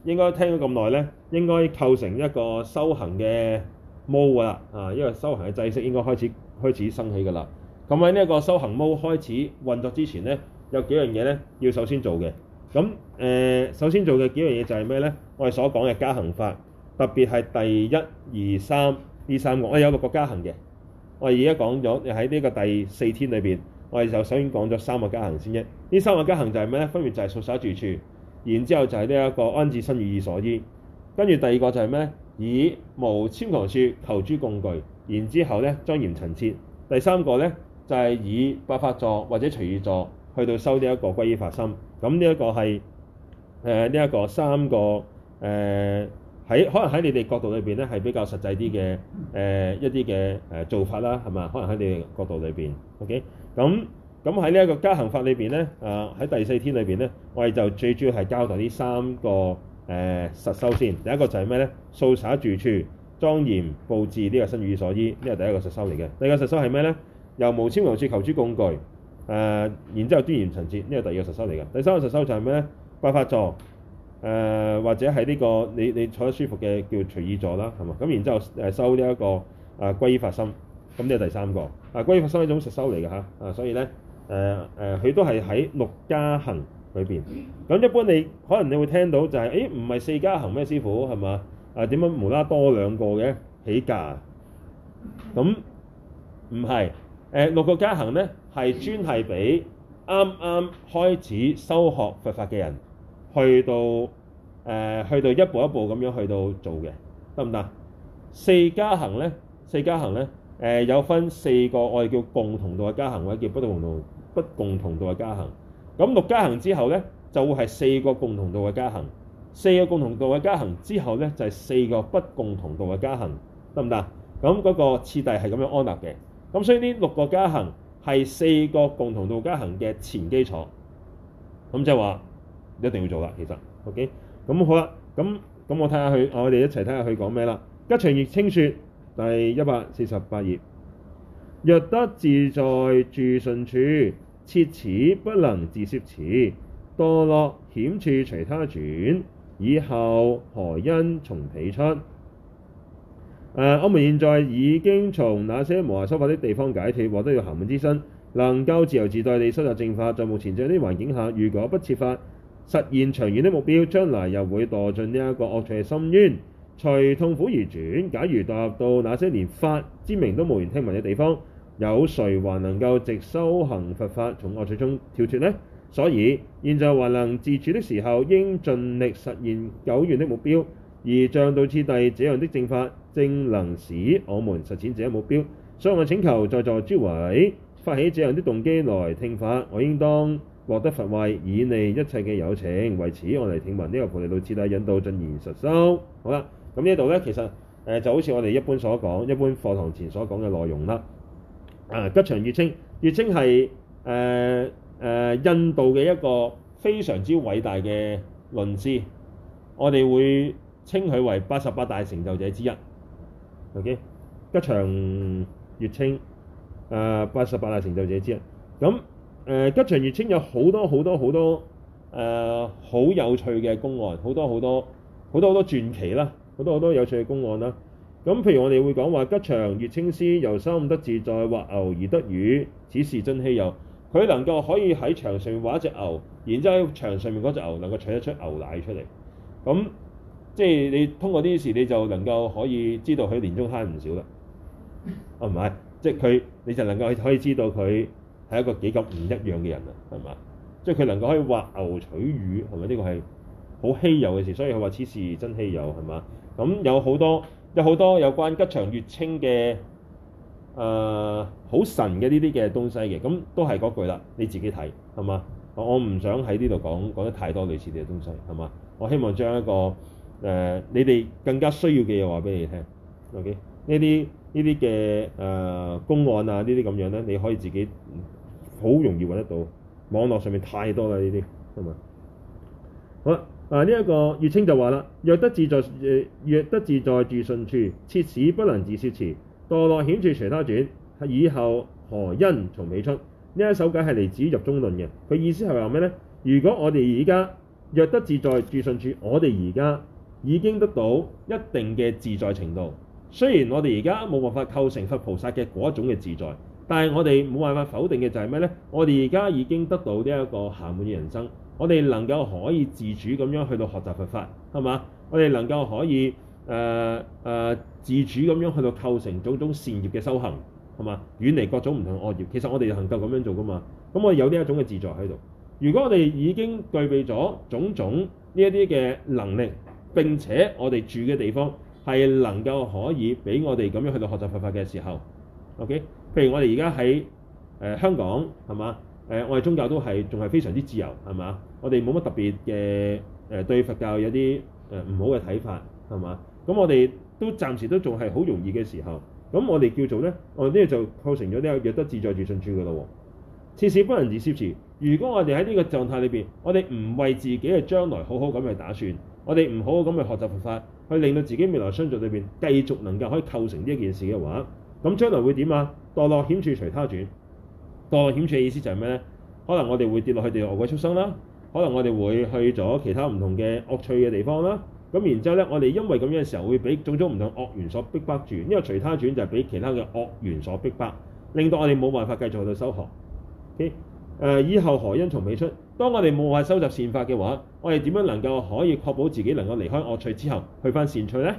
應該聽咗咁耐咧，應該構成一個修行嘅模㗎啦，啊，因為修行嘅制式應該開始開始生起㗎啦。咁喺呢一個修行模開始運作之前咧。有幾樣嘢咧，要首先做嘅。咁誒、呃，首先做嘅幾樣嘢就係咩咧？我哋所講嘅加行法，特別係第一、二、三呢三個。我、哎、有六個加行嘅。我哋而家講咗，就喺呢個第四天裏邊，我哋就首先講咗三個加行先。一呢三個加行就係咩咧？分別就係宿手住處，然之後就係呢一個安置身語意所依。跟住第二個就係咩？以無籤房處求諸供具，然之後咧，莊嚴陳設。第三個咧就係、是、以八法座或者隨意座。去到收呢一個歸依發心，咁呢一個係誒呢一個三個誒喺、呃、可能喺你哋角度裏邊咧係比較實際啲嘅誒一啲嘅誒做法啦，係嘛？可能喺你哋角度裏邊，OK。咁咁喺呢一個加行法裏邊咧，啊、呃、喺第四天裏邊咧，我哋就最主要係交代呢三個誒、呃、實修先。第一個就係咩咧？掃灑住處，莊嚴佈置呢、這個身語所依，呢、這個是第一個實修嚟嘅。第二個實修係咩咧？由無諂誑求諸供具。誒、呃，然之後端嚴陳設呢個第二個實修嚟嘅，第三個實修就係咩？八法座，誒、呃、或者係呢個你你坐得舒服嘅叫隨意座啦，係嘛？咁然之後誒修呢一個啊歸依發心，咁、這、呢個第三個啊歸依發心係一種實修嚟嘅嚇，啊所以咧誒誒佢都係喺六加行裏邊。咁一般你可能你會聽到就係誒唔係四加行咩師傅係嘛？啊點樣無啦多兩個嘅起價？咁唔係誒六個加行咧。係專係俾啱啱開始修學佛法嘅人去到誒、呃，去到一步一步咁樣去到做嘅，得唔得？四加行咧，四加行咧，誒、呃、有分四個，我哋叫共同道嘅加行，或者叫不同同不共同道嘅加行。咁六加行之後咧，就會係四個共同道嘅加行，四個共同道嘅加行之後咧，就係、是、四個不共同道嘅加行，得唔得？咁嗰個次第係咁樣安立嘅。咁所以呢六個加行。係四個共同道家行嘅前基礎，咁即係話一定要做啦。其實，OK，咁好啦，咁咁我睇下佢，我哋一齊睇下佢講咩啦。《吉祥月稱說》第一百四十八頁：若得自在住順處，設此不能自攝持，墮落險處隨他轉，以後何因從彼出？誒、呃，我們現在已經從那些無暇修法的地方解脫，獲得暇滿之身，能夠自由自在地修習正法。在目前在這樣的環境下，如果不設法實現長遠的目標，將來又會墮進呢一個惡趣深淵，隨痛苦而轉。假如墮入到那些連法之名都無緣聽聞的地方，有誰還能夠直修行佛法，從惡趣中跳脫呢？所以現在還能自主的時候，應盡力實現久遠的目標，而像道次第這樣的正法。正能使我們實踐這一目標，所以我請求在座諸位發起這樣的動機來聽法。我應當獲得佛位，以利一切嘅有情。為此，我哋聽聞呢個菩提道次第引導，進言實修。好啦，咁呢度呢，其實誒就好似我哋一般所講，一般課堂前所講嘅內容啦。吉祥月稱，月稱係誒誒印度嘅一個非常之偉大嘅論師，我哋會稱佢為八十八大成就者之一。O.K. 吉祥月稱誒八十八大成就者之一，咁、嗯、誒、呃、吉祥月稱有好多好多好多誒好、呃、有趣嘅公案，好多好多好多好多傳奇啦，好多好多有趣嘅公案啦。咁、嗯、譬如我哋會講話吉祥月稱師由心得自在，畫牛而得乳，此是真稀有。佢能夠可以喺牆上面畫一隻牛，然之後喺牆上面嗰隻牛能夠取得出牛奶出嚟，咁、嗯。即係你通過呢啲事你是是，你就能夠可以知道佢年終慳唔少啦。啊，唔係，即係佢你就能夠可以知道佢係一個幾咁唔一樣嘅人啊，係嘛？即係佢能夠可以挖牛取魚，係咪呢個係好稀有嘅事？所以佢話此事真稀有，係嘛？咁有好多有好多有關吉祥月稱嘅誒好神嘅呢啲嘅東西嘅，咁都係嗰句啦。你自己睇係嘛？我唔想喺呢度講講得太多類似嘅東西係嘛？我希望將一個。誒、呃，你哋更加需要嘅嘢話俾你聽。OK，呢啲呢啲嘅誒公案啊，呢啲咁樣咧，你可以自己好容易揾得到，網絡上面太多啦。呢啲係嘛？好啦，啊呢一個月稱就話啦，若得自在若得自在，若得自在住順處，設此不能自攝持，墮落險處隨他轉，以後何因從彼出？呢一首偈係嚟自入中論嘅。佢意思係話咩咧？如果我哋而家若得自在住順處，我哋而家。已經得到一定嘅自在程度，雖然我哋而家冇辦法構成佛菩薩嘅嗰一種嘅自在，但係我哋冇辦法否定嘅就係咩呢？我哋而家已經得到呢一個暇滿嘅人生，我哋能夠可以自主咁樣去到學習佛法，係嘛？我哋能夠可以誒誒、呃呃、自主咁樣去到構成種種善業嘅修行，係嘛？遠離各種唔同惡業，其實我哋能夠咁樣做噶嘛？咁我哋有呢一種嘅自在喺度。如果我哋已經具備咗種種呢一啲嘅能力，並且我哋住嘅地方係能夠可以俾我哋咁樣去到學習佛法嘅時候，OK？譬如我哋而家喺誒香港係嘛誒，我哋宗教都係仲係非常之自由係嘛？我哋冇乜特別嘅、呃、對佛教有啲呃、唔好嘅睇法係嘛？咁我哋都暫時都仲係好容易嘅時候，咁我哋叫做咧，我哋呢就構成咗呢個若得自在住順處嘅咯喎。設此不能自攝持。如果我哋喺呢個狀態裏面，我哋唔為自己嘅將來好好咁去打算。我哋唔好咁去學習佛法，去令到自己未來相續裏邊繼續能夠可以構成呢一件事嘅話，咁將來會點啊？墮落險處隨他轉，墮落險處嘅意思就係咩咧？可能我哋會跌落去地獄、餓鬼、畜生啦，可能我哋會去咗其他唔同嘅惡趣嘅地方啦。咁然之後咧，我哋因為咁樣嘅時候會俾種種唔同惡緣所逼迫住，因為隨他轉就係俾其他嘅惡緣所逼迫，令到我哋冇辦法繼續去修學。o、okay? k 誒、呃、以後何因從彼出？當我哋冇係收集善法嘅話，我哋點樣能夠可以確保自己能夠離開惡趣之後去返善趣呢？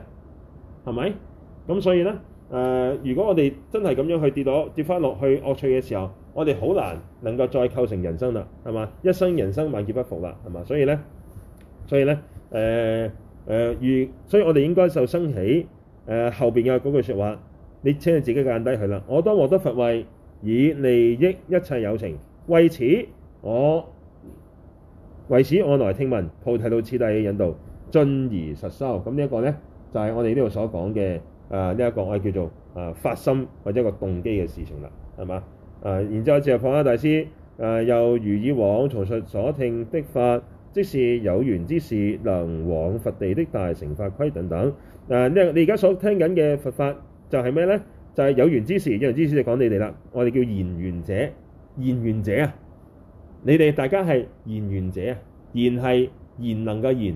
係咪咁？所以呢，誒、呃，如果我哋真係咁樣去跌落、跌返落去惡趣嘅時候，我哋好難能夠再構成人生啦，係嘛？一生人生萬劫不復啦，係嘛？所以呢，所以呢誒誒，如所以我哋應該受生起誒、呃、後邊嘅嗰句説話，你請你自己降低佢啦。我當獲得佛位，以利益一切有情。為此我，我為此，我來聽聞，菩提道次第嘅引導，進而實修。咁、這個、呢一個咧，就係、是、我哋呢度所講嘅啊，呢、呃、一、這個我哋叫做啊、呃、發心或者一個動機嘅事情啦，係嘛？啊、呃，然之後帕繃喀大師啊、呃，又如以往重述所聽的法，即是有緣之士，能往佛地的大乘法範等等。啊、呃，呢你而家所聽緊嘅佛法就係咩咧？就係、是、有緣之士，有緣之士就講你哋啦。我哋叫言緣者。言緣者啊，你哋大家係言緣者啊，言係言能嘅言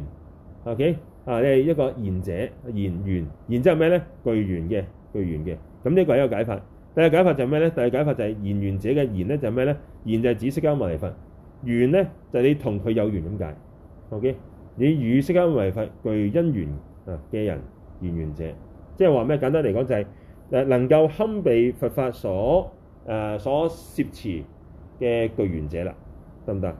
，OK 啊，你係一個言者言緣，然之後咩咧？具緣嘅具緣嘅，咁呢個係一個解法。第二解法就係咩咧？第二解法就係言緣者嘅言咧就係咩咧？言就係指釋迦牟尼佛，緣咧就係你同佢有緣咁解。OK，你與釋迦牟尼佛具因緣啊嘅人言緣者，即係話咩？簡單嚟講就係誒能夠堪被佛法所誒所涉持嘅具緣者啦，得唔得？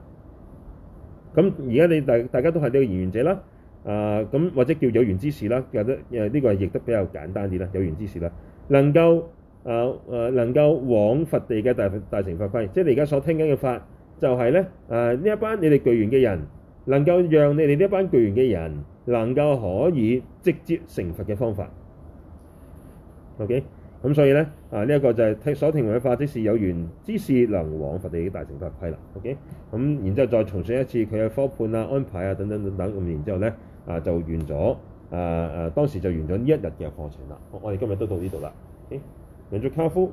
咁而家你大大家都係呢個具緣者啦，誒咁或者叫有緣之士啦，或者誒呢個亦都比較簡單啲啦，有緣之士啦，能夠誒誒能夠往佛地嘅大大乘法範，即係你而家所聽緊嘅法，就係咧誒呢一班你哋具緣嘅人，能夠讓你哋呢一班具緣嘅人能夠可以直接成佛嘅方法，OK？咁所以呢，啊呢一、這個就係所聽聞嘅法，即是有緣之士能往佛地大乘法範了。OK，咁然之後再重申一次佢嘅科判啊、安排啊等等等等，咁然之後呢，啊就完咗，啊啊當時就完咗呢一日嘅課程了，好，我我哋今日都到呢度了。OK 楊卡夫。Okay?